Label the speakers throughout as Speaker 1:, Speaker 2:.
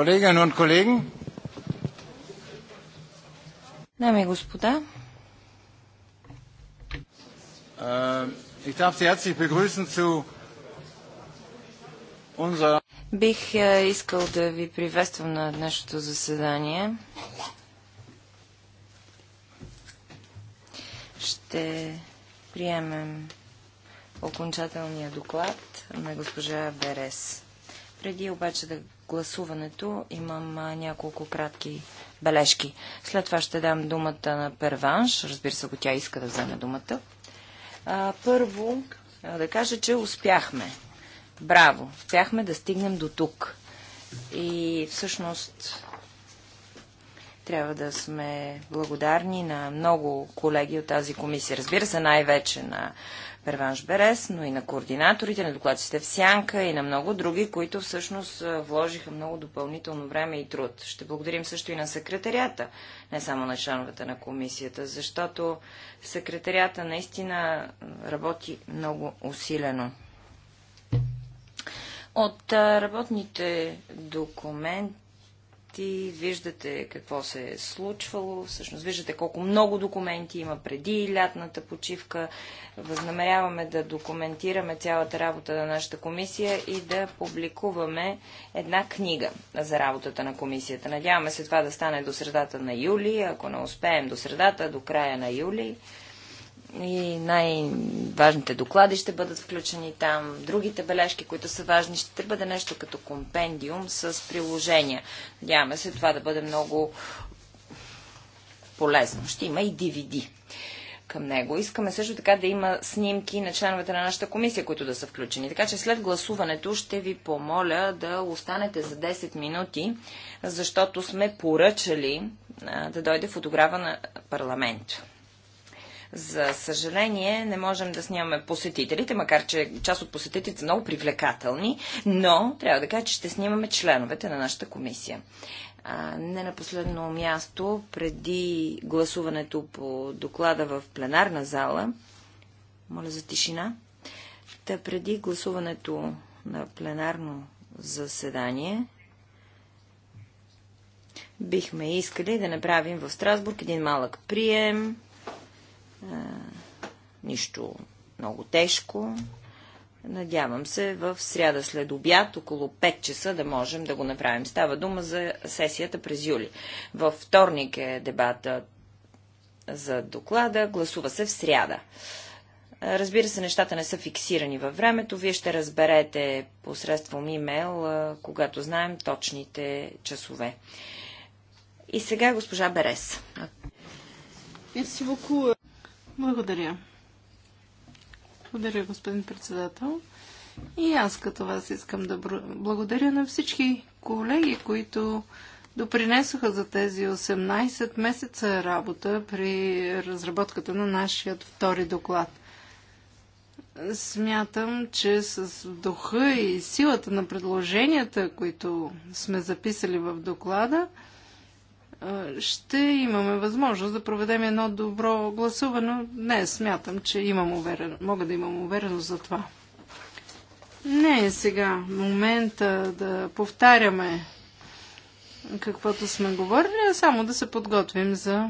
Speaker 1: Дами
Speaker 2: и господа.
Speaker 1: Äh, ich darf Sie herzlich begrüßen zu
Speaker 2: Бих е, искал да ви приветствам на днешното заседание. Ще приемем окончателния доклад на госпожа Берес. Преди обаче да гласуването имам а, няколко кратки бележки. След това ще дам думата на Перванш. Разбира се, ако тя иска да вземе думата. А, първо, а, да кажа, че успяхме. Браво! Успяхме да стигнем до тук. И всъщност трябва да сме благодарни на много колеги от тази комисия. Разбира се, най-вече на Перванш Берес, но и на координаторите, на докладците в Сянка и на много други, които всъщност вложиха много допълнително време и труд. Ще благодарим също и на секретарията, не само на членовете на комисията, защото секретарията наистина работи много усилено. От работните документи документи, виждате какво се е случвало, всъщност виждате колко много документи има преди лятната почивка. Възнамеряваме да документираме цялата работа на нашата комисия и да публикуваме една книга за работата на комисията. Надяваме се това да стане до средата на юли, ако не успеем до средата, до края на юли и най-важните доклади ще бъдат включени там, другите бележки, които са важни, ще бъде нещо като компендиум с приложения. Надяваме се това да бъде много полезно. Ще има и DVD към него. Искаме също така да има снимки на членовете на нашата комисия, които да са включени. Така че след гласуването ще ви помоля да останете за 10 минути, защото сме поръчали да дойде фотографа на парламент. За съжаление, не можем да снимаме посетителите, макар че част от посетителите са много привлекателни, но трябва да кажа, че ще снимаме членовете на нашата комисия. А, не на последно място, преди гласуването по доклада в пленарна зала, моля за тишина, да преди гласуването на пленарно заседание, бихме искали да направим в Страсбург един малък прием нищо много тежко. Надявам се в сряда след обяд, около 5 часа, да можем да го направим. Става дума за сесията през юли. Във вторник е дебата за доклада, гласува се в сряда. Разбира се, нещата не са фиксирани във времето. Вие ще разберете посредством имейл, когато знаем точните часове.
Speaker 3: И сега госпожа Берес. Merci beaucoup, благодаря. Благодаря, господин председател. И аз като вас искам да благодаря на всички колеги, които допринесоха за тези 18 месеца работа при разработката на нашия втори доклад. Смятам, че с духа и силата на предложенията, които сме записали в доклада, ще имаме възможност да проведем едно добро гласуване. Не, смятам, че имам уверен, мога да имам увереност за това. Не е сега момента да повтаряме каквото сме говорили, а само да се подготвим за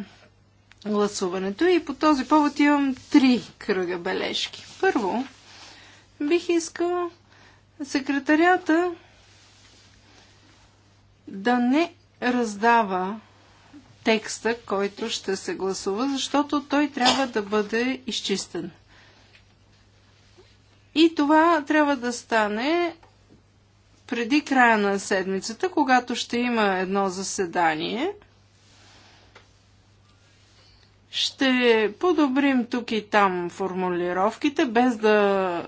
Speaker 3: гласуването. И по този повод имам три кръга бележки. Първо, бих искала секретарята да не раздава текста, който ще се гласува, защото той трябва да бъде изчистен. И това трябва да стане преди края на седмицата, когато ще има едно заседание. Ще подобрим тук и там формулировките, без да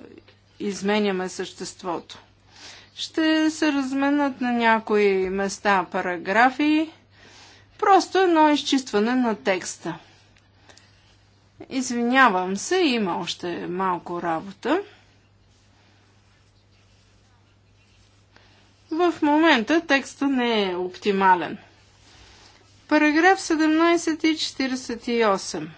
Speaker 3: изменяме съществото. Ще се разменят на някои места параграфи Просто едно изчистване на текста. Извинявам се, има още малко работа. В момента текста не е оптимален. Параграф 17 и 48.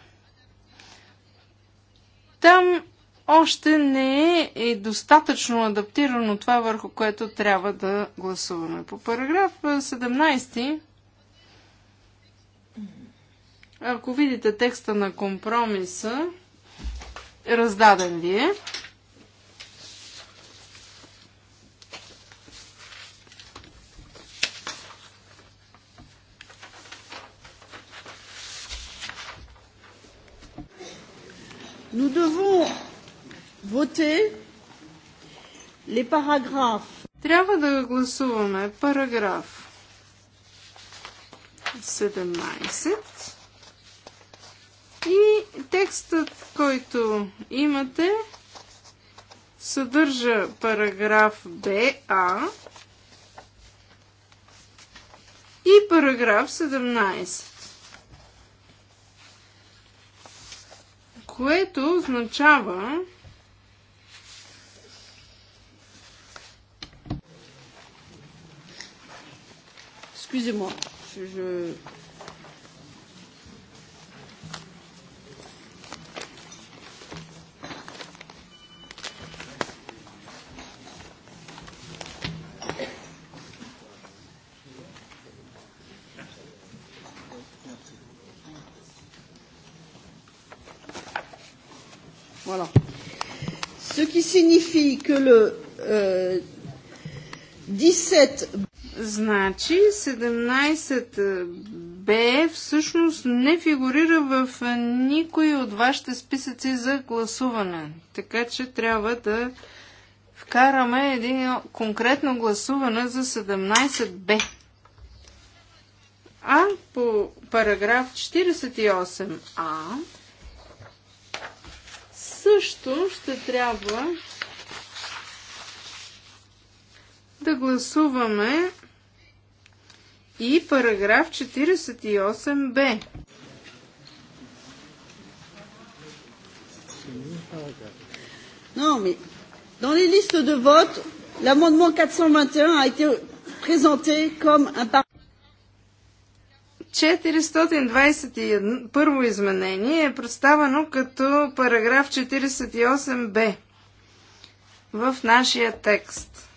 Speaker 3: Там още не е, е достатъчно адаптирано това, върху което трябва да гласуваме. По параграф 17 ако видите текста на компромиса, раздаден ли е? Nous devons voter les paragraphes. Трябва да гласуваме параграф 17. И текстът, който имате, съдържа параграф БА и параграф 17. Което означава, Excusez-moi je... Voilà. Ce qui signifie que le euh, 17 Значи 17Б всъщност не фигурира в никой от вашите списъци за гласуване. Така че трябва да вкараме един конкретно гласуване за 17Б. А по параграф 48А също ще трябва да гласуваме и параграф 48б. Non, mais dans les listes de vote, l'amendement 421 a été présenté comme un par... 421 първо изменение е представено като параграф 48б в нашия текст.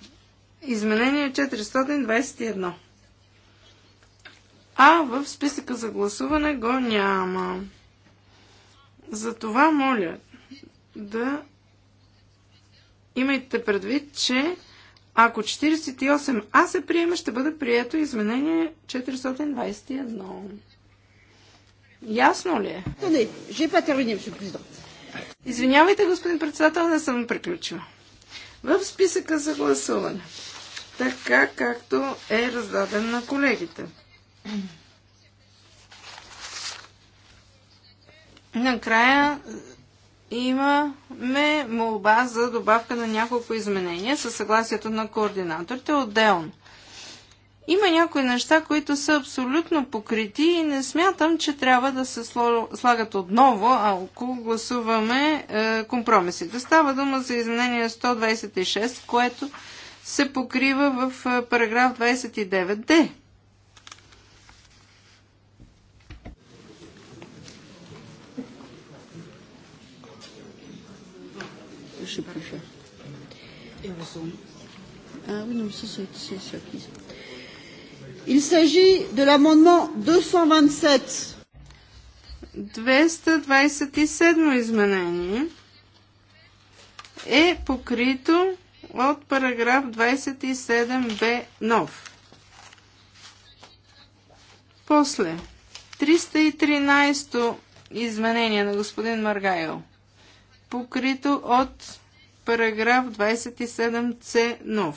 Speaker 3: Изменение 421 а в списъка за гласуване го няма. Затова моля да имайте предвид, че ако 48А се приема, ще бъде прието изменение 421. Ясно ли е? Не, Извинявайте, господин председател, не съм приключила. В списъка за гласуване, така както е раздаден на колегите. Накрая имаме молба за добавка на няколко изменения със съгласието на координаторите отделно. Има някои неща, които са абсолютно покрити и не смятам, че трябва да се слагат отново, ако гласуваме е, компромисите. Става дума за изменение 126, което се покрива в е, параграф 29d. Ah oui, non, mais ça, c'est sûr qu'ils Il s'agit de l'amendement 227. 227 изменение е покрито от параграф 27б нов. После 313 изменение на господин Маргайл покрито от параграф 27 С нов.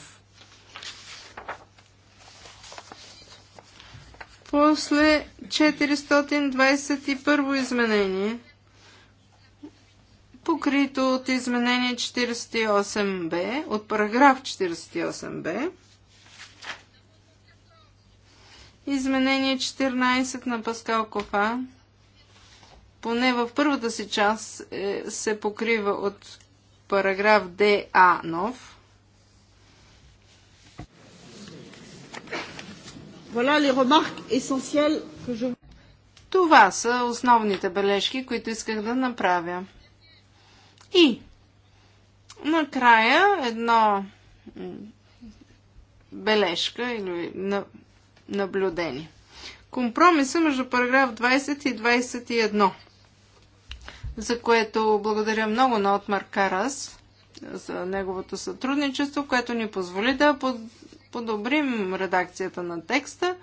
Speaker 3: После 421 изменение, покрито от изменение 48 б от параграф 48 б изменение 14 на Паскал Кофа, поне в първата си част е, се покрива от Параграф ДА нов. Voilà les remarques essentielles que je... Това са основните бележки, които исках да направя. И накрая едно бележка или наблюдение. Компромиса между параграф 20 и 21 за което благодаря много на Отмар Карас за неговото сътрудничество, което ни позволи да подобрим редакцията на текста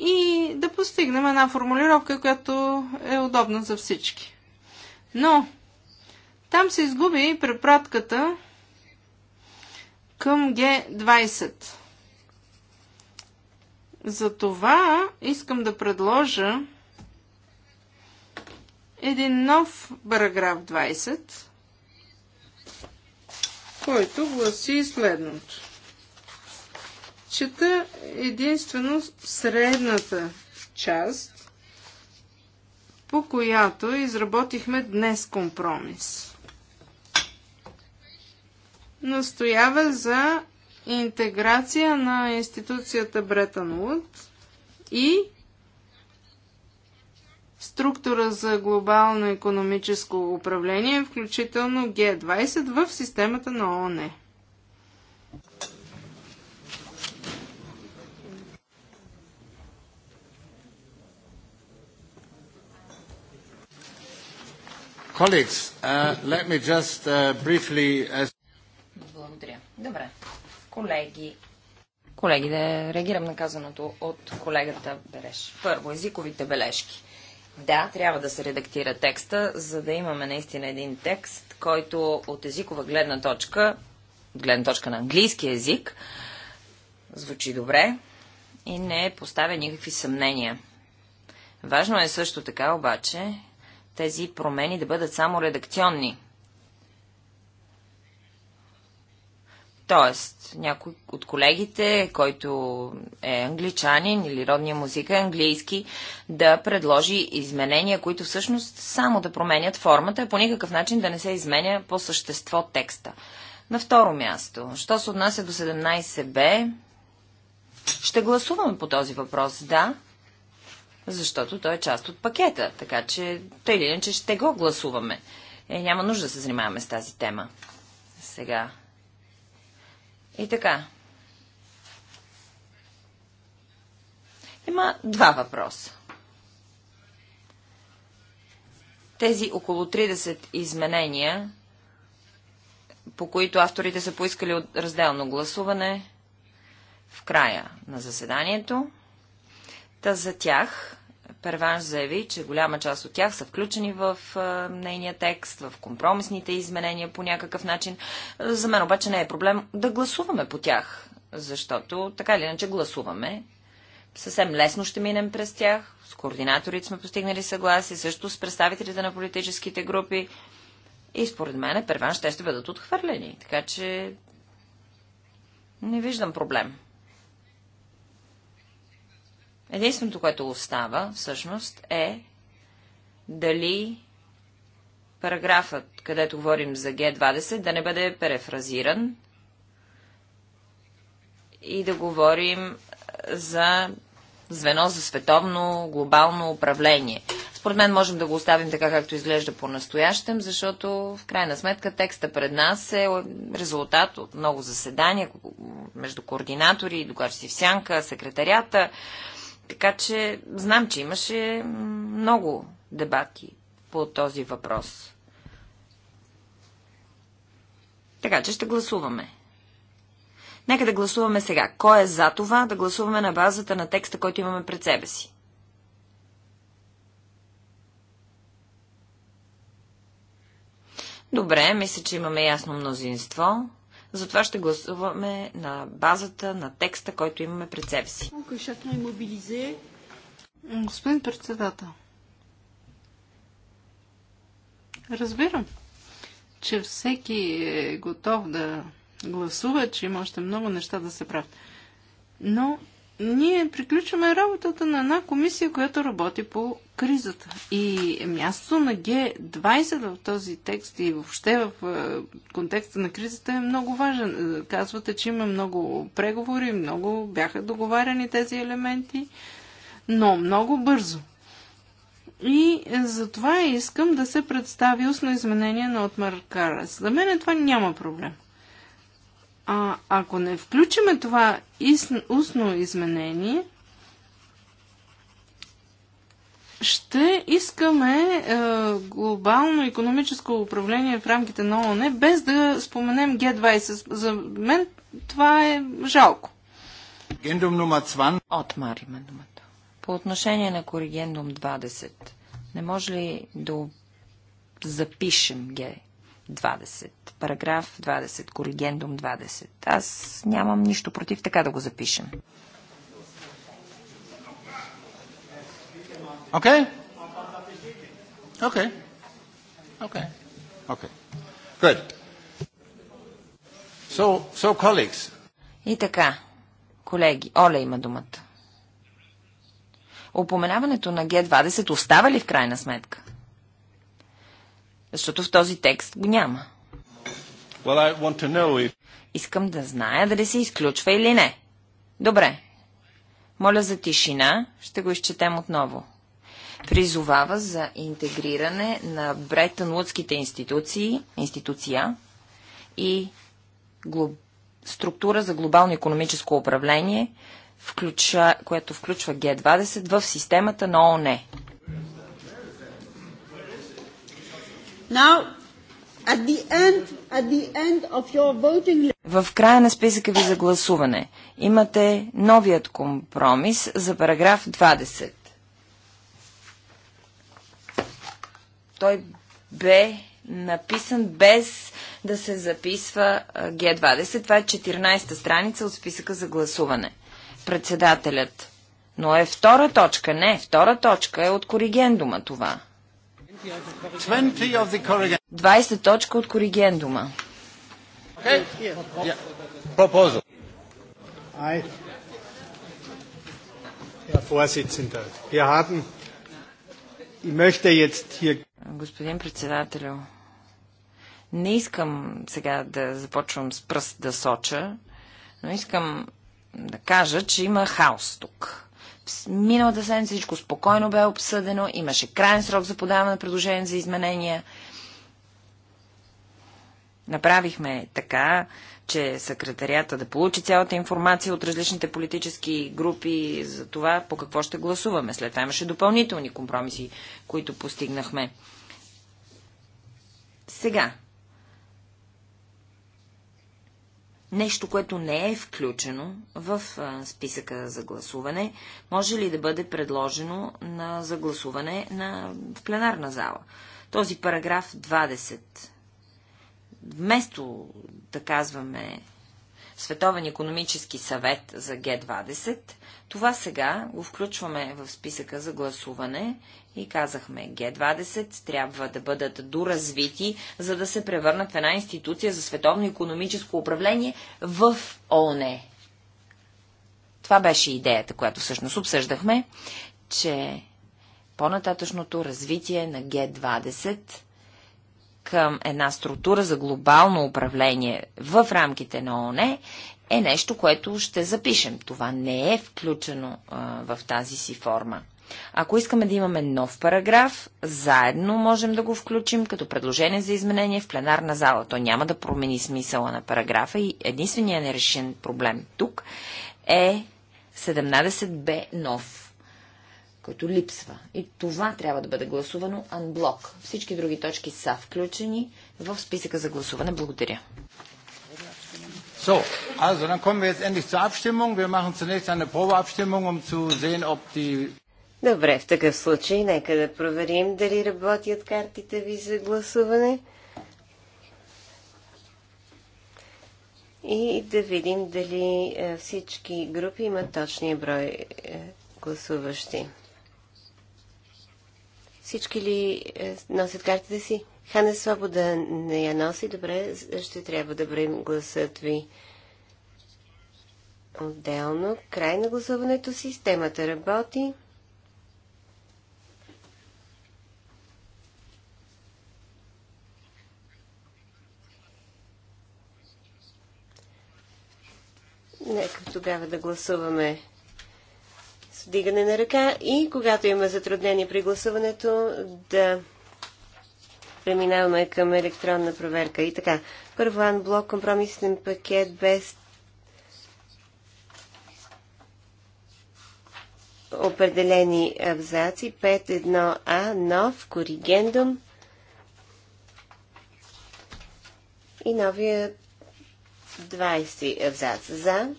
Speaker 3: и да постигнем една формулировка, която е удобна за всички. Но там се изгуби препратката към Г20. Затова искам да предложа един нов параграф 20, който гласи следното. Чета единствено средната част, по която изработихме днес компромис. Настоява за интеграция на институцията Бретън Луд и структура за глобално економическо управление, включително Г20 в системата на ООН.
Speaker 1: Uh, uh,
Speaker 2: Благодаря. Добре. Колеги, колеги, да реагирам на казаното от колегата Береш. Първо, езиковите бележки. Да, трябва да се редактира текста, за да имаме наистина един текст, който от езикова гледна точка, от гледна точка на английски език, звучи добре и не поставя никакви съмнения. Важно е също така обаче тези промени да бъдат само редакционни – Тоест, някой от колегите, който е англичанин или родния музик е английски, да предложи изменения, които всъщност само да променят формата, а по никакъв начин да не се изменя по същество текста. На второ място, що се отнася до 17б, ще гласуваме по този въпрос, да, защото той е част от пакета, така че тъй или иначе ще го гласуваме. Е, няма нужда да се занимаваме с тази тема. Сега, и така. Има два въпроса. Тези около 30 изменения, по които авторите са поискали от разделно гласуване в края на заседанието, та за тях Перванш заяви, че голяма част от тях са включени в нейния текст, в компромисните изменения по някакъв начин. За мен обаче не е проблем да гласуваме по тях, защото така или иначе гласуваме. Съвсем лесно ще минем през тях. С координаторите сме постигнали съгласие, също с представителите на политическите групи. И според мен Перванш те ще бъдат отхвърлени. Така че не виждам проблем. Единственото, което остава, всъщност, е дали параграфът, където говорим за Г20, да не бъде перефразиран и да говорим за звено за световно глобално управление. Според мен можем да го оставим така, както изглежда по-настоящем, защото в крайна сметка текста пред нас е резултат от много заседания между координатори, си в сянка, секретарията, така че знам, че имаше много дебати по този въпрос. Така че ще гласуваме. Нека да гласуваме сега. Кой е за това да гласуваме на базата на текста, който имаме пред себе си? Добре, мисля, че имаме ясно мнозинство. Затова ще гласуваме на базата на текста, който имаме пред себе си.
Speaker 3: Господин председател, разбирам, че всеки е готов да гласува, че има още много неща да се правят. Но ние приключваме работата на една комисия, която работи по кризата. И мястото на Г20 в този текст и въобще в е, контекста на кризата е много важен. Е, казвате, че има много преговори, много бяха договаряни тези елементи, но много бързо. И е, затова искам да се представи устно изменение на Отмар Карас. За мен това няма проблем. А ако не включиме това устно изменение, ще искаме е, глобално економическо управление в рамките на ООН, без да споменем Г20. За мен това е жалко. Отмар има думата. По отношение на
Speaker 2: коригендум 20, не може ли да запишем Г20? 20. Параграф 20. Коригендум 20. Аз нямам нищо против така да го запишем. Окей? Окей. Окей.
Speaker 1: Окей. Good. So, so colleagues.
Speaker 2: И така, колеги, Оля има думата. Опоменаването на Г20 остава ли в крайна сметка? Защото в този текст го няма. Well, if... Искам да зная дали се изключва или не. Добре. Моля за тишина. Ще го изчетем отново. Призовава за интегриране на Бреттън-Лудските институции, институция и глоб... структура за глобално економическо управление, включа... което включва Г-20 в системата на ООН.
Speaker 4: Now, at the end, at the end of your voting...
Speaker 2: В края на списъка ви за гласуване имате новият компромис за параграф 20. Той бе написан без да се записва Г20. Това е 14-та страница от списъка за гласуване. Председателят. Но е втора точка. Не, втора точка е от коригендума това.
Speaker 1: 20
Speaker 2: точка от коригендума.
Speaker 1: Господин председателю,
Speaker 2: не искам сега да започвам с пръст да соча, но искам да кажа, че има хаос тук. Миналата седмица всичко спокойно бе обсъдено, имаше крайен срок за подаване на предложение за изменения. Направихме така, че секретарията да получи цялата информация от различните политически групи за това по какво ще гласуваме. След това имаше допълнителни компромиси, които постигнахме. Сега, нещо, което не е включено в списъка за гласуване, може ли да бъде предложено на, за гласуване на, в пленарна зала? Този параграф 20. Вместо да казваме Световен економически съвет за Г-20, това сега го включваме в списъка за гласуване и казахме, Г-20 трябва да бъдат доразвити, за да се превърнат в една институция за световно економическо управление в ООН. Това беше идеята, която всъщност обсъждахме, че по-нататъчното развитие на Г-20 към една структура за глобално управление в рамките на ООН е нещо, което ще запишем. Това не е включено а, в тази си форма. Ако искаме да имаме нов параграф, заедно можем да го включим като предложение за изменение в пленарна зала. То няма да промени смисъла на параграфа и единствения нерешен проблем тук е 17б нов, който липсва. И това трябва да бъде гласувано анблок. Всички други точки са включени в списъка за гласуване. Благодаря.
Speaker 1: So, also dann kommen wir jetzt endlich zur Abstimmung. Wir machen zunächst eine Probeabstimmung, um zu sehen, ob die Добре, в такъв случай нека да
Speaker 4: проверим дали работят картите ви за гласуване. И да видим дали е, всички групи имат точния брой е, гласуващи. Всички ли е, носят картите си? Хана Свобода не я носи. Добре, ще трябва да броим гласът ви. Отделно, край на гласуването, системата работи. Нека тогава да гласуваме с вдигане на ръка и когато има затруднение при гласуването да преминаваме към електронна проверка. И така, първо анблок, компромисен пакет без определени абзаци, 5.1а, нов, коригендум и новия
Speaker 1: 20 абзац за.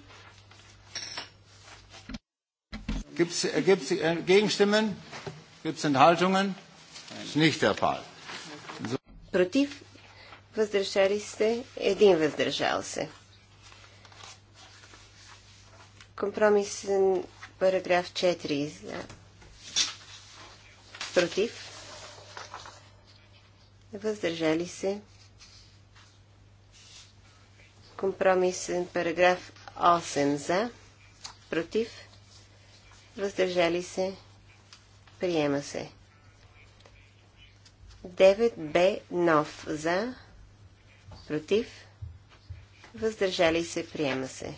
Speaker 1: Gibt's, äh, gibt's äh, Gegenstimmen? Gibt's Enthaltungen? Ist nicht der Fall. So. Против?
Speaker 4: Въздържали се? Един въздържал се. Компромисен параграф 4 за. Против? Въздържали се? Компромисен параграф 8 за, против, въздържали се, приема се. 9Б нов за, против, въздържали се, приема се.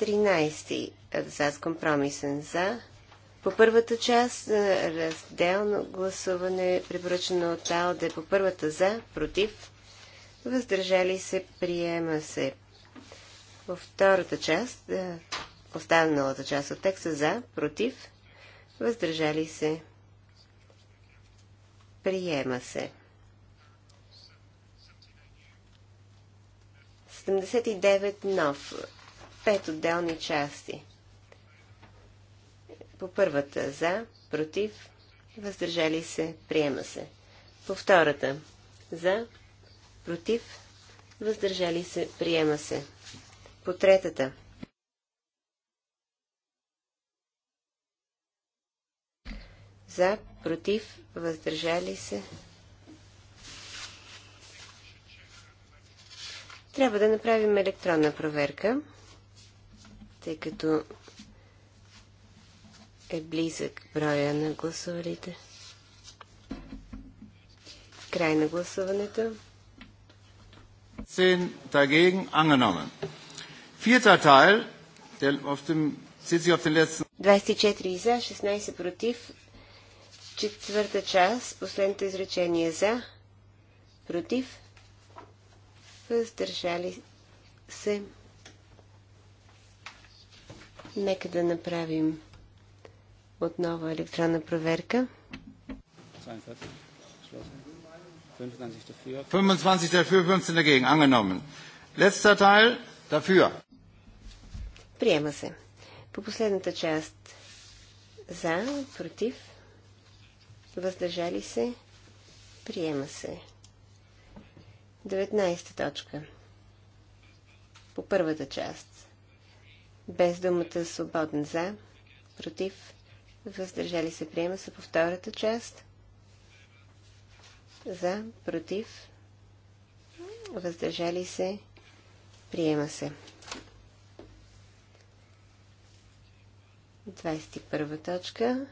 Speaker 4: 13 абзац компромисен за. По първата част разделно гласуване, препоръчено от АЛДЕ по първата за, против, въздържали се, приема се. Във втората част, е, останалата част от текста за, против, въздържали се, приема се. 79 нов, пет отделни части. По първата за, против, въздържали се, приема се. По втората за, против, въздържали се, приема се. По третата. За, против, въздържали се. Трябва да направим електронна проверка, тъй като е близък броя на гласувалите. Край на гласуването.
Speaker 1: 16 dagegen angenommen. Vierter Teil, der auf dem, sitzt sich auf den letzten.
Speaker 4: 24 за, 16 против. Четвърта част, последното изречение за, против, въздържали се. Нека да направим отново електронна проверка. 25 dafür.
Speaker 1: 25 dafür, 15 dagegen. Angenommen. Letzter Teil dafür.
Speaker 4: Приема се. По последната част за, против, въздържали се, приема се. 19 точка. По първата част. Без думата свободен за, против, въздържали се, приема се по втората част за, против, въздържали се, приема се. 21 точка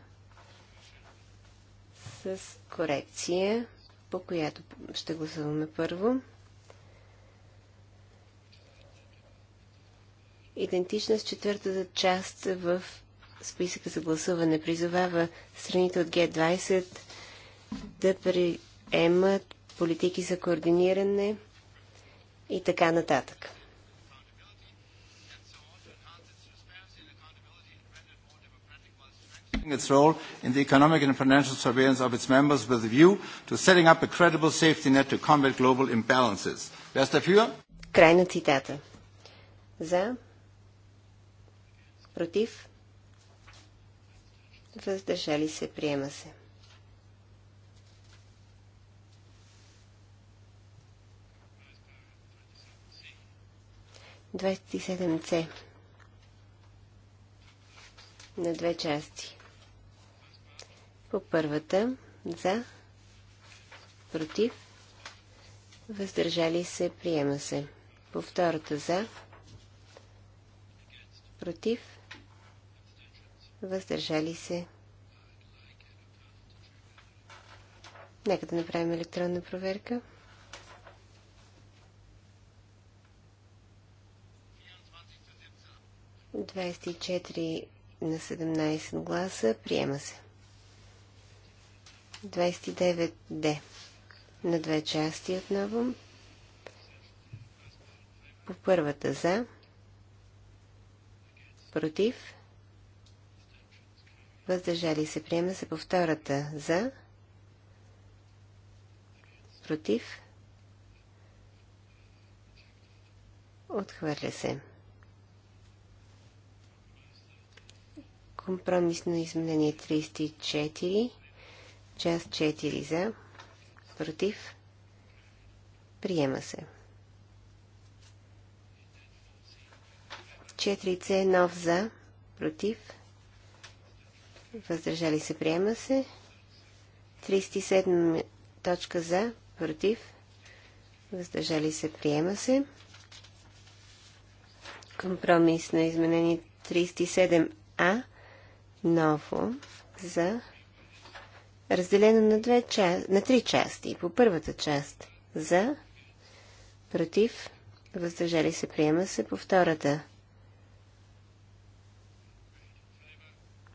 Speaker 4: с корекция, по която ще гласуваме първо. Идентична с четвъртата част в списъка за гласуване призовава страните от Г20 да при ЕМА, политики за координиране и така нататък.
Speaker 1: its role in the economic and financial surveillance of its members with a view to setting up a credible safety net to combat global imbalances. Wer ist dafür?
Speaker 4: Край цитата. За. Против. Въздържали се. Приема се. 27C на две части. По първата за, против, въздържали се, приема се. По втората за, против, въздържали се. Нека да направим електронна проверка. 24 на 17 гласа. Приема се. 29 Д. На две части отново. По първата за. Против. Въздържали се. Приема се по втората за. Против. Отхвърля се. Компромисно изменение 34, част 4 за, против, приема се. 4C нов за, против, въздържали се, приема се. 37 точка за, против, въздържали се, приема се. Компромис на изменение 37А ново за разделено на, две част, на три части. По първата част за, против, въздържали се, приема се. По втората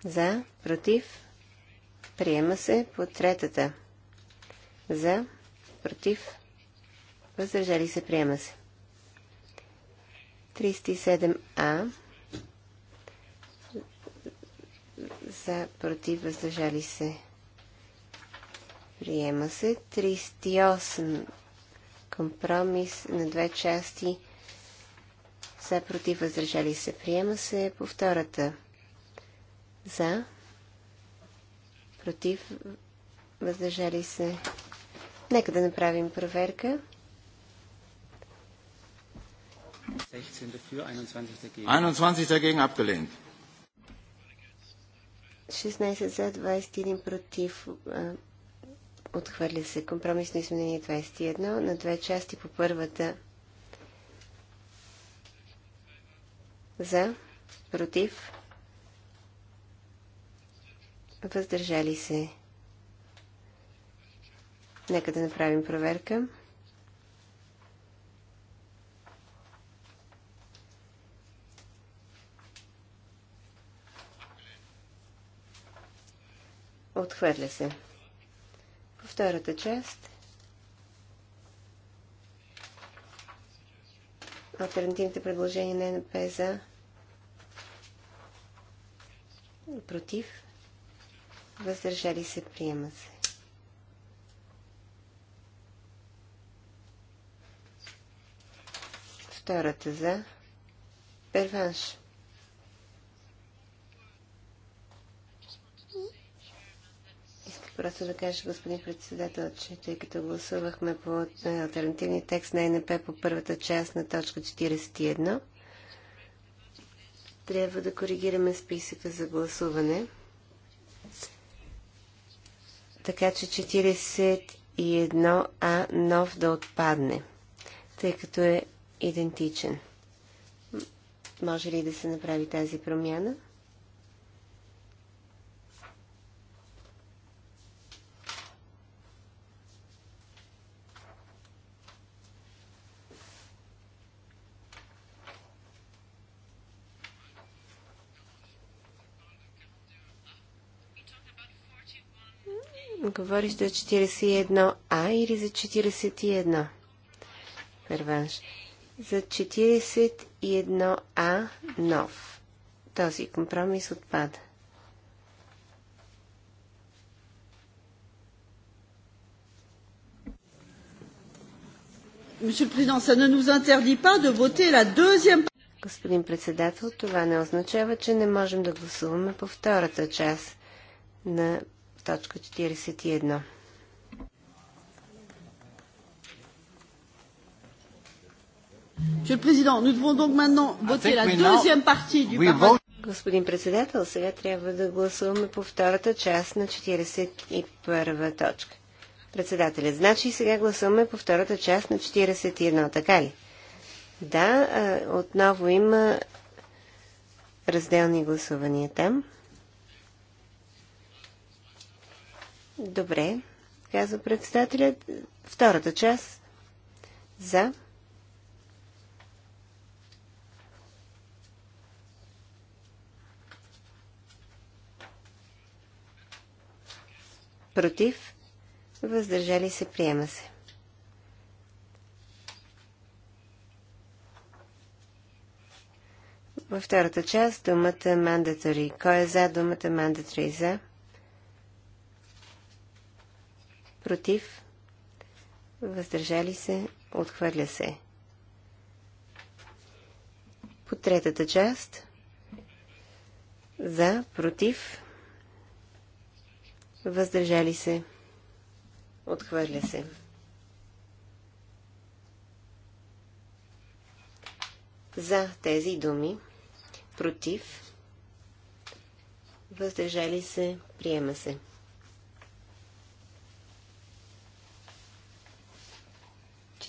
Speaker 4: за, против, приема се. По третата за, против, въздържали се, приема се. 37а за, против, въздържали се. Приема се 38 компромис на две части за, против, въздържали се. Приема се по втората за, против, въздържали се. Нека да направим проверка.
Speaker 1: 16 dafür, 21 dagegen. 21 dagegen abgelehnt.
Speaker 4: 16 за, 21 против. Отхвърля се компромисно изменение 21 на две части по първата. За, против, въздържали се. Нека да направим проверка. Отхвърля се. По втората част. Альтернативните предложения на НП против. Въздържали се, приема се. Втората за перванш. Просто да кажа, господин председател, че тъй като гласувахме по е, альтернативния текст на НП по първата част на точка 41, трябва да коригираме списъка за гласуване. Така че 41А нов да отпадне, тъй като е идентичен. Може ли да се направи тази промяна? Говориш за 41А или за 41? Първанш. За 41А нов. Този компромис отпада. Господин председател, това не означава, че не можем да гласуваме по втората част на точка 41. Господин председател, сега трябва да гласуваме по втората част на 41 точка. Председателят, значи сега гласуваме по втората част на 41, така ли? Да, отново има разделни гласувания там. Добре, казва председателят. Втората част. За. Против. Въздържали се. Приема се. Във втората част думата mandatory. Кой е за думата mandatory? За. против, въздържали се, отхвърля се. По третата част за, против, въздържали се, отхвърля се. За тези думи, против, въздържали се, приема се.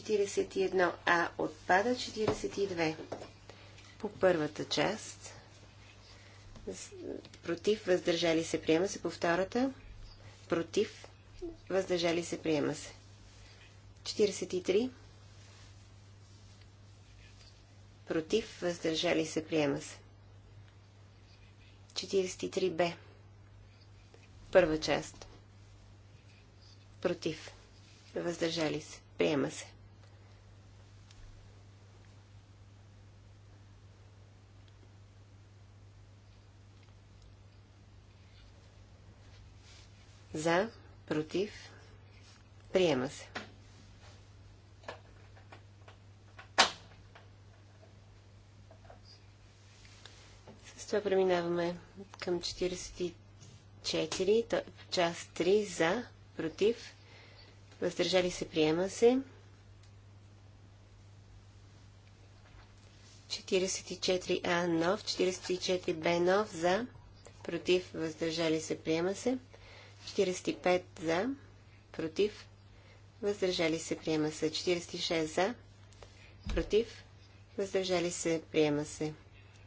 Speaker 4: 41А отпада, 42. По първата част. Против, въздържали се, приема се. По втората. Против, въздържали се, приема се. 43. Против, въздържали се, приема се. 43Б. Първа част. Против. Въздържали се. Приема се. За, против, приема се. С това преминаваме към 44, част 3, за, против, въздържали се, приема се. 44А нов, 44Б нов, за, против, въздържали се, приема се. 45 за, против, въздържали се, приема се. 46 за, против, въздържали се, приема се.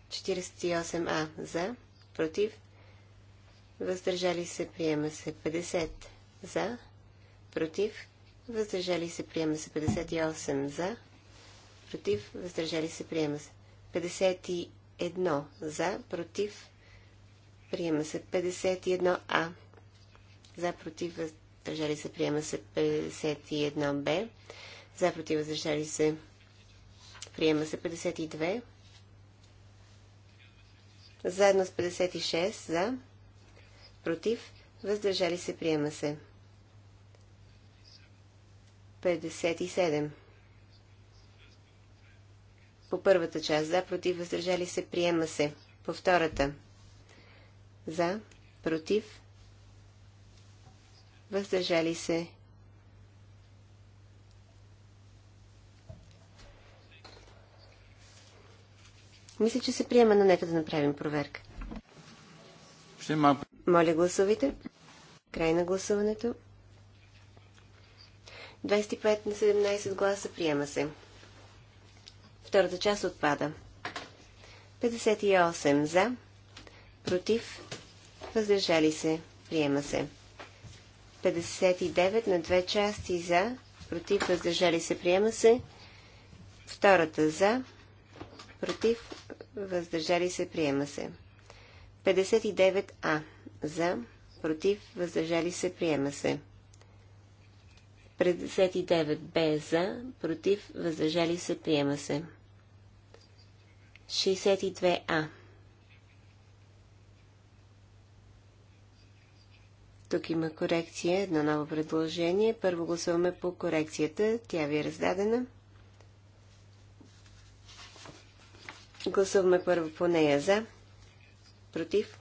Speaker 4: 48а за, против, въздържали се, приема се. 50 за, против, въздържали се, приема се. 58 за, против, въздържали се, приема се. 51 за, против, приема се. 51а за против въздържали се приема се 51Б. За против въздържали се приема се 52. Заедно с 56 за. Против въздържали се приема се 57. По първата част за, против, въздържали се, приема се. По втората за, против, въздържали се. Мисля, че се приема, но нека да направим проверка. Моля, гласувайте. Край на гласуването. 25 на 17 гласа приема се. Втората част отпада. 58 за, против, въздържали се, приема се. 59 на две части за, против, въздържали се, приема се. Втората за, против, въздържали се, приема се. 59а за, против, въздържали се, приема се. 59б за, против, въздържали се, приема се. 62а Тук има корекция, едно ново предложение. Първо гласуваме по корекцията. Тя ви е раздадена. Гласуваме първо по нея за, против,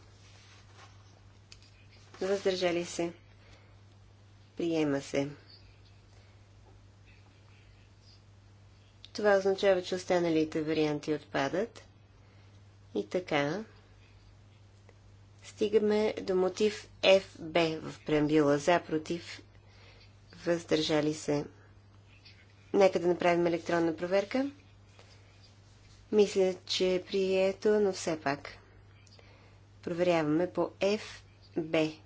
Speaker 4: въздържали се, приема се. Това означава, че останалите варианти отпадат. И така, Стигаме до мотив FB в преамбила за, против, въздържали се. Нека да направим електронна проверка. Мисля, че е прието, но все пак. Проверяваме по FB.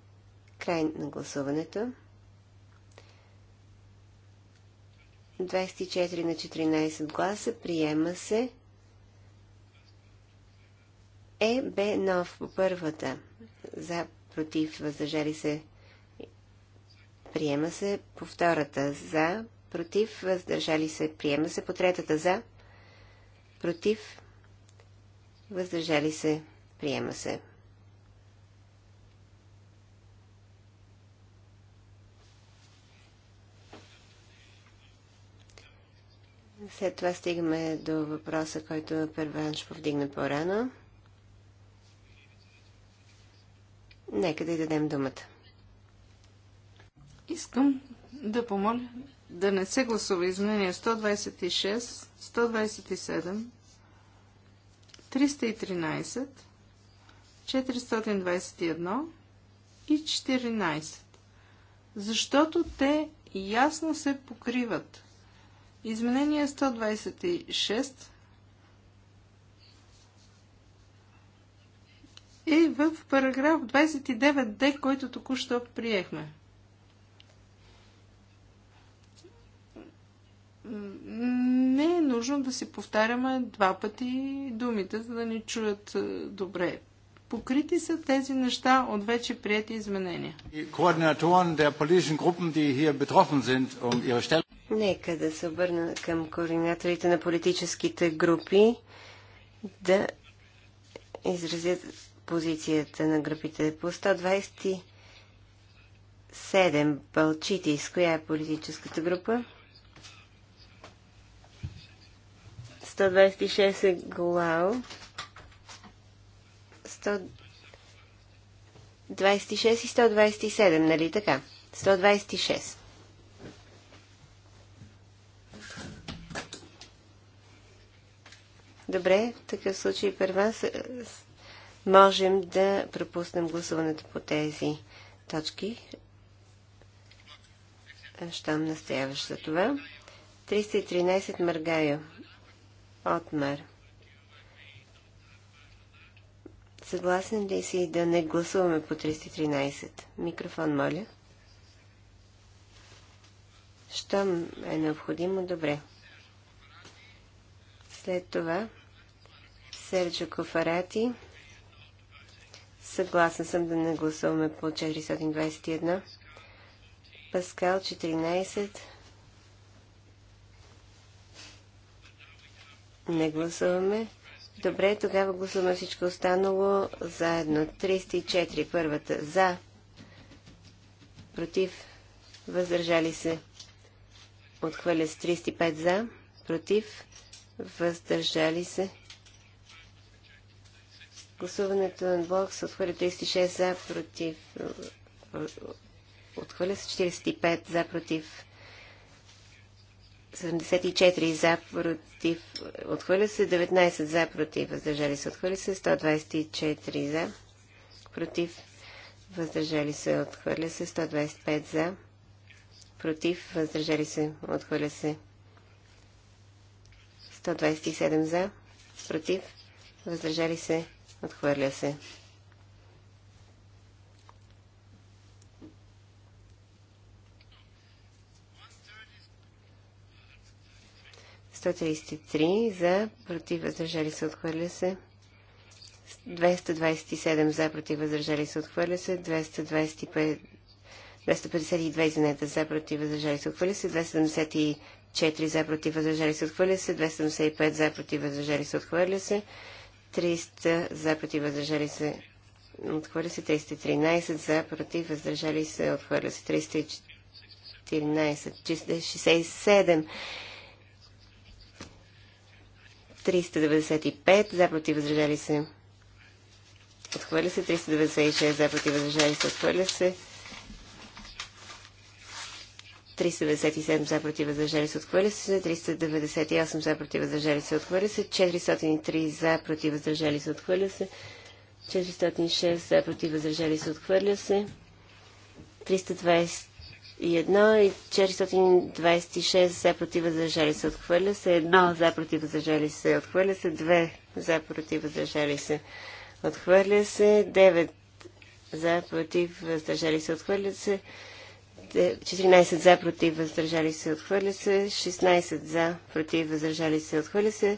Speaker 4: Край на гласуването. 24 на 14 гласа приема се. Е, Б, нов по първата. За, против, въздържали се. Приема се по втората. За, против, въздържали се. Приема се по третата. За, против, въздържали се. Приема се. След това стигаме до въпроса, който Първанш повдигна по-рано. Нека да й дадем думата.
Speaker 3: Искам да помоля да не се гласува изменение 126, 127, 313, 421 и 14. Защото те ясно се покриват. Изменение 126 е в параграф 29д, който току-що приехме. Не е нужно да си повтаряме два пъти думите, за да ни чуят е, добре. Покрити са тези неща от вече прияти изменения.
Speaker 1: Um
Speaker 3: Нека да се обърна
Speaker 4: към координаторите на политическите групи да изразят позицията на групите. По 127 пълчити с коя е политическата група? 126 е глау. 126 и 127, нали така? 126. Добре, в такъв случай първа можем да пропуснем гласуването по тези точки. Щом настояваш за това. 313 Маргайо. Мар. Съгласен ли си да не гласуваме по 313? Микрофон, моля. Щом е необходимо, добре. След това Серджо Кофарати. Съгласна съм да не гласуваме по 421. Паскал 14. Не гласуваме. Добре, тогава гласуваме всичко останало заедно. 304 първата. За. Против. Въздържали се. Отхвърля с 305 за. Против. Въздържали се. Гласуването на блок се отхвърля 36 е, е, за, против. Отхвърля се 45 за, против. 74 за, против. Отхвърля се 19 за, против. Въздържали се. Отхвърля се 124 за, против. Въздържали се. Отхвърля се 125 за, против. Въздържали се. Отхвърля се 127 за, против. Въздържали се. Отхвърля се. Сто за, против, въздържали се, отхвърля се. 227 за, против, въздържали се, отхвърля се. 225 252 извинете за против въздържали се отхвърля се, 274 за против въздържали се отхвърля се, 275 за против въздържали се отхвърля се, 300 за против въздържали се отхвърля се 313 за против въздържали се отхвърля се 314 67 395 за против въздържали се отхвърля се 396 за против въздържали се отхвърля се 397 за против въздържали се отхвърля се, 398 за против въздържали се отхвърля се, 403 за против въздържали се отхвърля се, 406 за против въздържали се отхвърля се, 321 и 426 за против въздържали се отхвърля се, 1 за против въздържали се отхвърля се, 2 за против въздържали се отхвърля се, 9 за против въздържали се отхвърля се, 14 за, против, въздържали се, отхвърля се. 16 за, против, въздържали се, отхвърля се.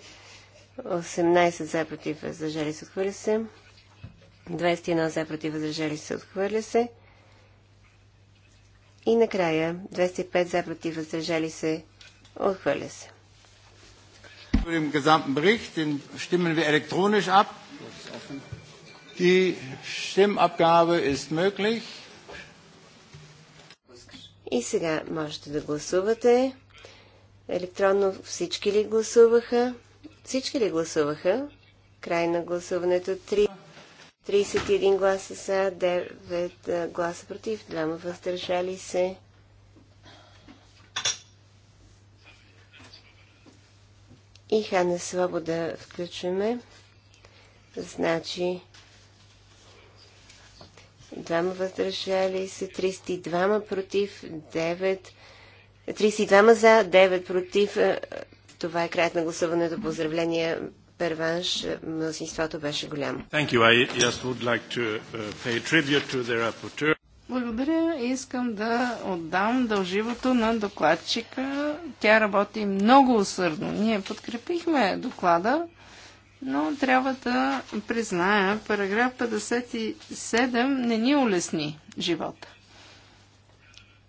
Speaker 4: 18 за, против, въздържали се, отхвърля се. 21 за, против, въздържали се, отхвърля се. И накрая 205 за, против, въздържали се, отхвърля се.
Speaker 1: Über gesamten Bericht, den stimmen wir elektronisch ab. Die Stimmabgabe ist möglich. И сега можете да гласувате. Електронно
Speaker 4: всички ли гласуваха? Всички ли гласуваха? Край на гласуването 3. 31 гласа са, 9 гласа против, 2 въздържали се. И Хана Свобода включваме. Значи 2 въздържали се, 32 против, 9, 32 за, 9 против. Е, това е краят на гласуването. Поздравления, Перванш. Мнозинството беше голямо.
Speaker 3: Uh, Благодаря. Искам да отдам дълживото на докладчика. Тя работи много усърдно. Ние подкрепихме доклада но трябва да призная, параграф 57 не ни улесни живота.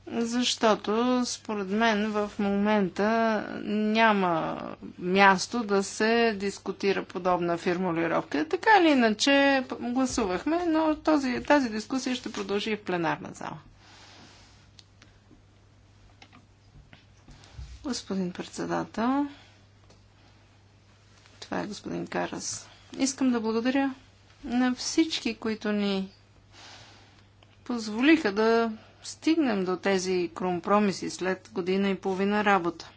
Speaker 3: Защото, според мен, в момента няма място да се дискутира подобна формулировка. Така или иначе, гласувахме, но този, тази дискусия ще продължи и в пленарна зала. Господин председател. Това е господин Карас. Искам да благодаря на всички, които ни позволиха да стигнем до тези компромиси след година и половина работа.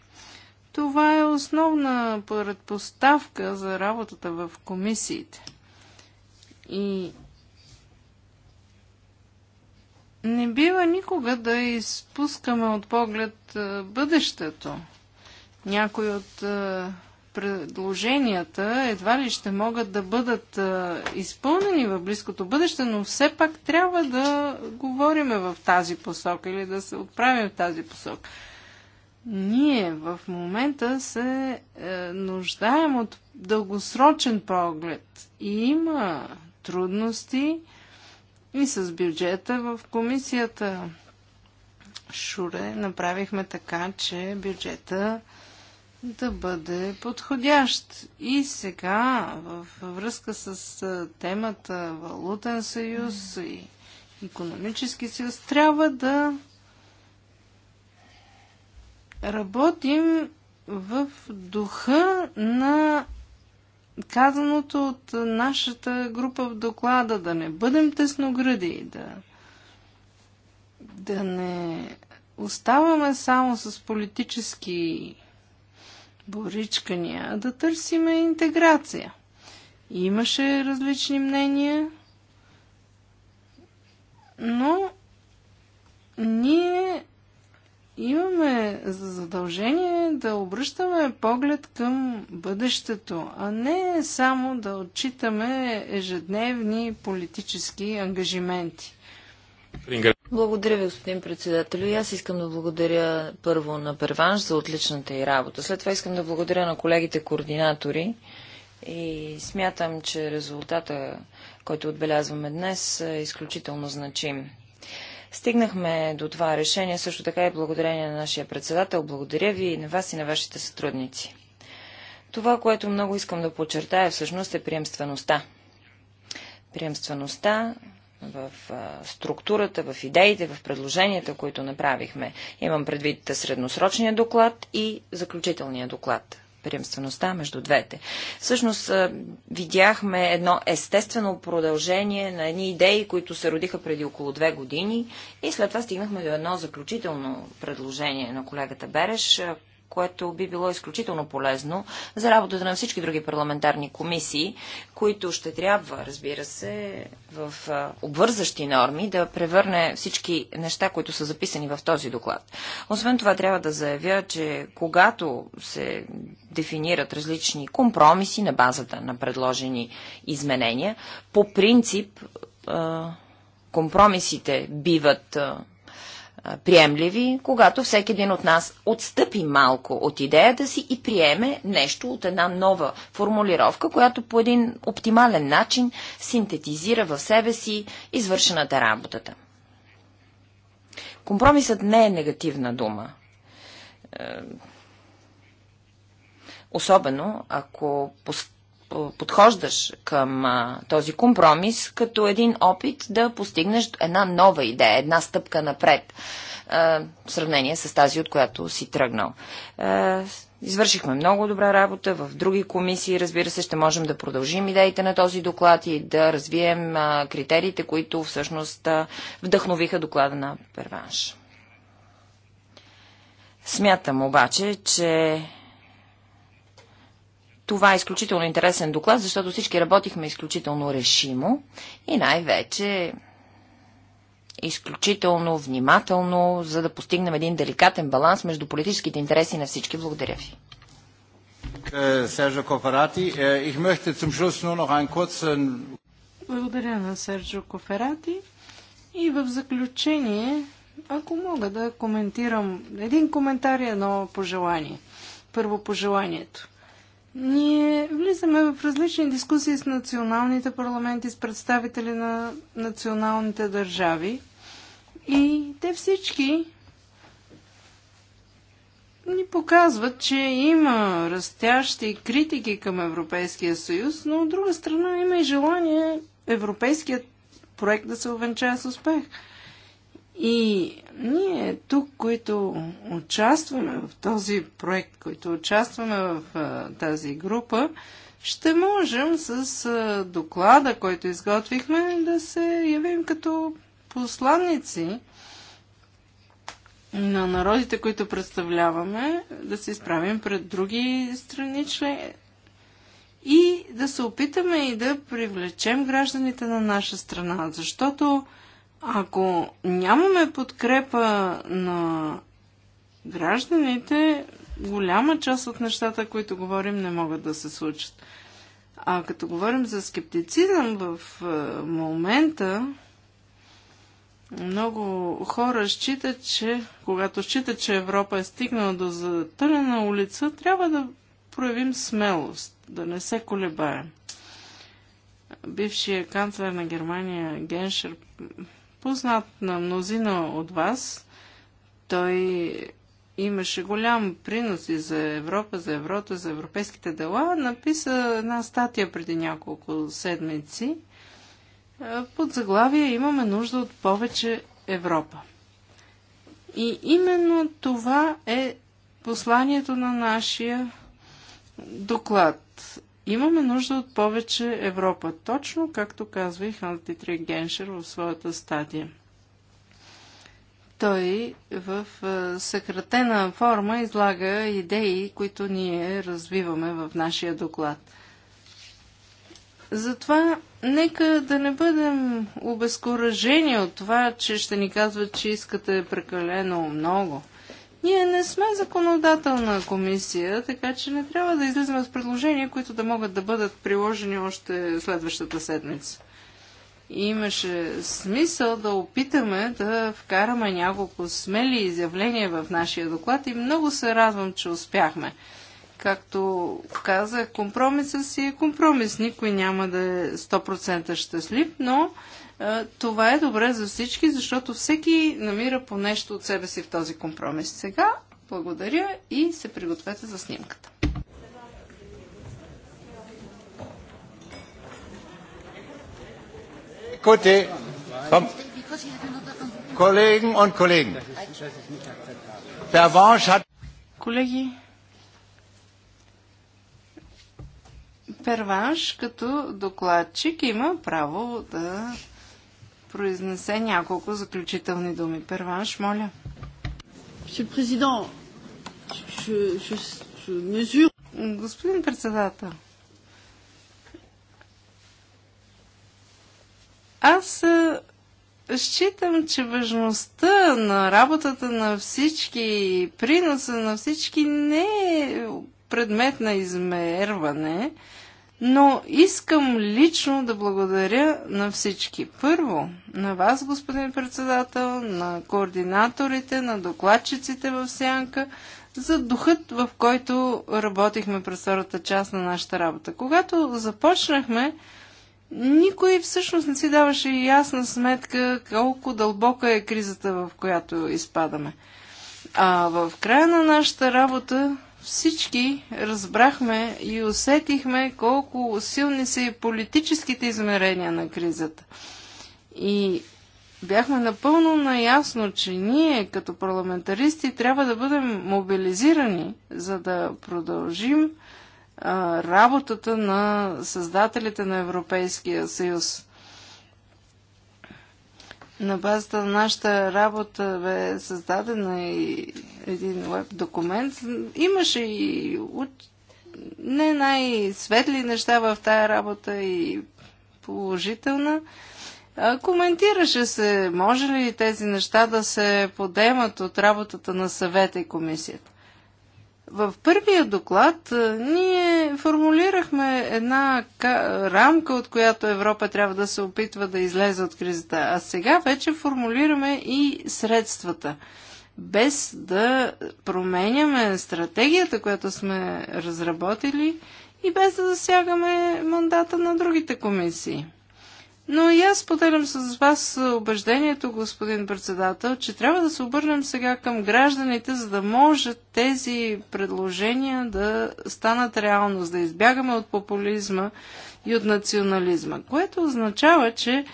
Speaker 3: Това е основна предпоставка за работата в комисиите. И не бива никога да изпускаме от поглед бъдещето. Някои от предложенията едва ли ще могат да бъдат изпълнени в близкото бъдеще, но все пак трябва да говориме в тази посока или да се отправим в тази посока. Ние в момента се е, нуждаем от дългосрочен поглед и има трудности и с бюджета в комисията. Шуре направихме така, че бюджета да бъде подходящ. И сега, във връзка с темата Валутен съюз и економически съюз, трябва да работим в духа на казаното от нашата група в доклада, да не бъдем тесногради, да, да не оставаме само с политически боричкания, а да търсиме интеграция. Имаше различни мнения, но ние имаме за задължение да обръщаме поглед към бъдещето, а не само да отчитаме ежедневни политически ангажименти. Благодаря ви,
Speaker 2: господин председател. И аз искам да благодаря първо на Перванш за отличната и работа. След това искам да благодаря на колегите координатори. И смятам, че резултата, който отбелязваме днес, е изключително значим. Стигнахме до това решение също така и благодарение на нашия председател. Благодаря ви и на вас и на вашите сътрудници. Това, което много искам да подчертая всъщност е приемствеността. Приемствеността в структурата, в идеите, в предложенията, които направихме. Имам предвид средносрочния доклад и заключителния доклад. Приемствеността между двете. Всъщност видяхме едно естествено продължение на едни идеи, които се родиха преди около две години и след това стигнахме до едно заключително предложение на колегата Береш, което би било изключително полезно за работата на всички други парламентарни комисии, които ще трябва, разбира се, в обвързащи норми да превърне всички неща, които са записани в този доклад. Освен това, трябва да заявя, че когато се дефинират различни компромиси на базата на предложени изменения, по принцип компромисите биват приемливи, когато всеки един от нас отстъпи малко от идеята си и приеме нещо от една нова формулировка, която по един оптимален начин синтетизира в себе си извършената работата. Компромисът не е негативна дума. Е, особено ако подхождаш към а, този компромис като един опит да постигнеш една нова идея, една стъпка напред а, в сравнение с тази, от която си тръгнал. А, извършихме много добра работа в други комисии. Разбира се, ще можем да продължим идеите на този доклад и да развием а, критериите, които всъщност а, вдъхновиха доклада на Перванш. Смятам обаче, че това е изключително интересен доклад, защото всички работихме изключително решимо и най-вече изключително внимателно, за да постигнем един деликатен баланс между политическите интереси на всички. Благодаря ви.
Speaker 1: Е, Сержо Коферати. Ich möchte zum Schluss nur noch einen kurzen...
Speaker 3: Благодаря на Серджо Коферати. И в заключение, ако мога да коментирам един коментар и едно пожелание. Първо пожеланието. Ние влизаме в различни дискусии с националните парламенти, с представители на националните държави и те всички ни показват, че има растящи критики към Европейския съюз, но от друга страна има и желание европейският проект да се увенчае с успех. И ние тук, които участваме в този проект, които участваме в тази група, ще можем с доклада, който изготвихме, да се явим като посланници на народите, които представляваме, да се изправим пред други страни член... и да се опитаме и да привлечем гражданите на наша страна, защото ако нямаме подкрепа на гражданите, голяма част от нещата, които говорим, не могат да се случат. А като говорим за скептицизъм в е, момента, много хора считат, че когато считат, че Европа е стигнала до затънена улица, трябва да проявим смелост, да не се колебаем. Бившия канцлер на Германия Геншер познат на мнозина от вас. Той имаше голям принос и за Европа, за Еврото, за европейските дела. Написа една статия преди няколко седмици под заглавие Имаме нужда от повече Европа. И именно това е посланието на нашия доклад. Имаме нужда от повече Европа, точно както казва и Хантитри Геншер в своята стадия. Той в е, съкратена форма излага идеи, които ние развиваме в нашия доклад. Затова нека да не бъдем обезкуражени от това, че ще ни казват, че искате прекалено много – ние не сме законодателна комисия, така че не трябва да излизаме с предложения, които да могат да бъдат приложени още следващата седмица. И имаше смисъл да опитаме да вкараме няколко смели изявления в нашия доклад и много се радвам, че успяхме. Както казах, компромисът си е компромис. Никой няма да е 100% щастлив, но е, това е добре за всички, защото всеки намира по нещо от себе си в този компромис. Сега благодаря и се пригответе за снимката.
Speaker 1: Коте, Колеги,
Speaker 3: Перванш като докладчик има право да произнесе няколко заключителни думи. Перванш, моля. Господин председател, аз считам, че важността на работата на всички, приноса на всички не е предмет на измерване, но искам лично да благодаря на всички. Първо, на вас, господин председател, на координаторите, на докладчиците в Сянка, за духът, в който работихме през втората част на нашата работа. Когато започнахме, никой всъщност не си даваше ясна сметка колко дълбока е кризата, в която изпадаме. А в края на нашата работа всички разбрахме и усетихме колко силни са и политическите измерения на кризата. И бяхме напълно наясно, че ние като парламентаристи трябва да бъдем мобилизирани, за да продължим а, работата на създателите на Европейския съюз. На базата на нашата работа бе създадена и един веб документ. Имаше и не най-светли неща в тая работа и положителна. Коментираше се, може ли тези неща да се подемат от работата на съвета и комисията. В първия доклад ние формулирахме една рамка, от която Европа трябва да се опитва да излезе от кризата, а сега вече формулираме и средствата – без да променяме стратегията, която сме разработили и без да засягаме мандата на другите комисии. Но и аз поделям с вас убеждението, господин председател, че трябва да се обърнем сега към гражданите, за да може тези предложения да станат реалност, да избягаме от популизма и от национализма, което означава, че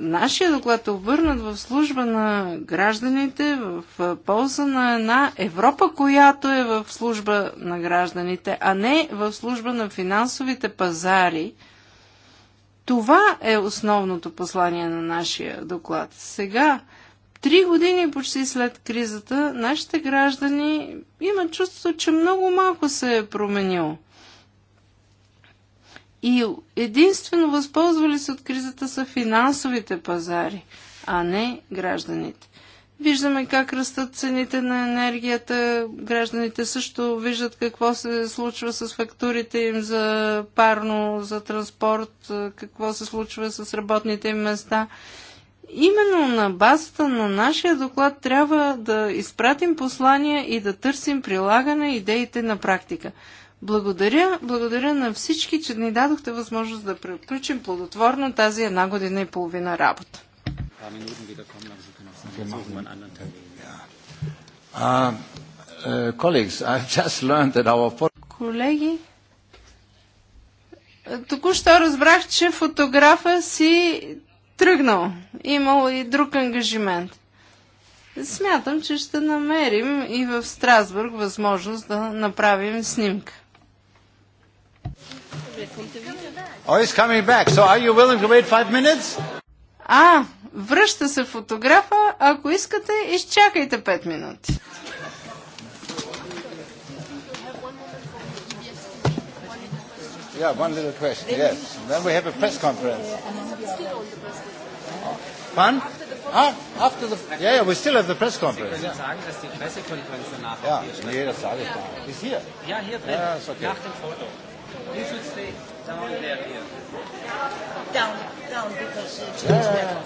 Speaker 3: нашия доклад е обърнат в служба на гражданите, в полза на една Европа, която е в служба на гражданите, а не в служба на финансовите пазари. Това е основното послание на нашия доклад. Сега, три години почти след кризата, нашите граждани имат чувство, че много малко се е променило. И единствено възползвали се от кризата са финансовите пазари, а не гражданите. Виждаме как растат цените на енергията. Гражданите също виждат какво се случва с фактурите им за парно, за транспорт, какво се случва с работните им места. Именно на базата на нашия доклад трябва да изпратим послания и да търсим прилагане идеите на практика. Благодаря, благодаря на всички, че ни дадохте възможност да приключим плодотворно тази една година и половина работа.
Speaker 1: Ah, äh,
Speaker 3: Колеги, току-що разбрах, че фотографа си тръгнал. Имал и друг ангажимент. Смятам, че ще намерим и в Страсбург възможност да направим снимка.
Speaker 1: Oh, he's coming back. So are you willing to wait five minutes?
Speaker 3: А, връща се фотографа. Ако искате, изчакайте 5 минути. Yeah, one little question, yes. Then we have a press conference.
Speaker 1: Wann? Ah, after the, yeah, yeah, we still have the press conference. Sie können sagen, dass die Pressekonferenz danach ja, nee, das sage okay. You should stay down there here.
Speaker 4: Down, down, because it's better.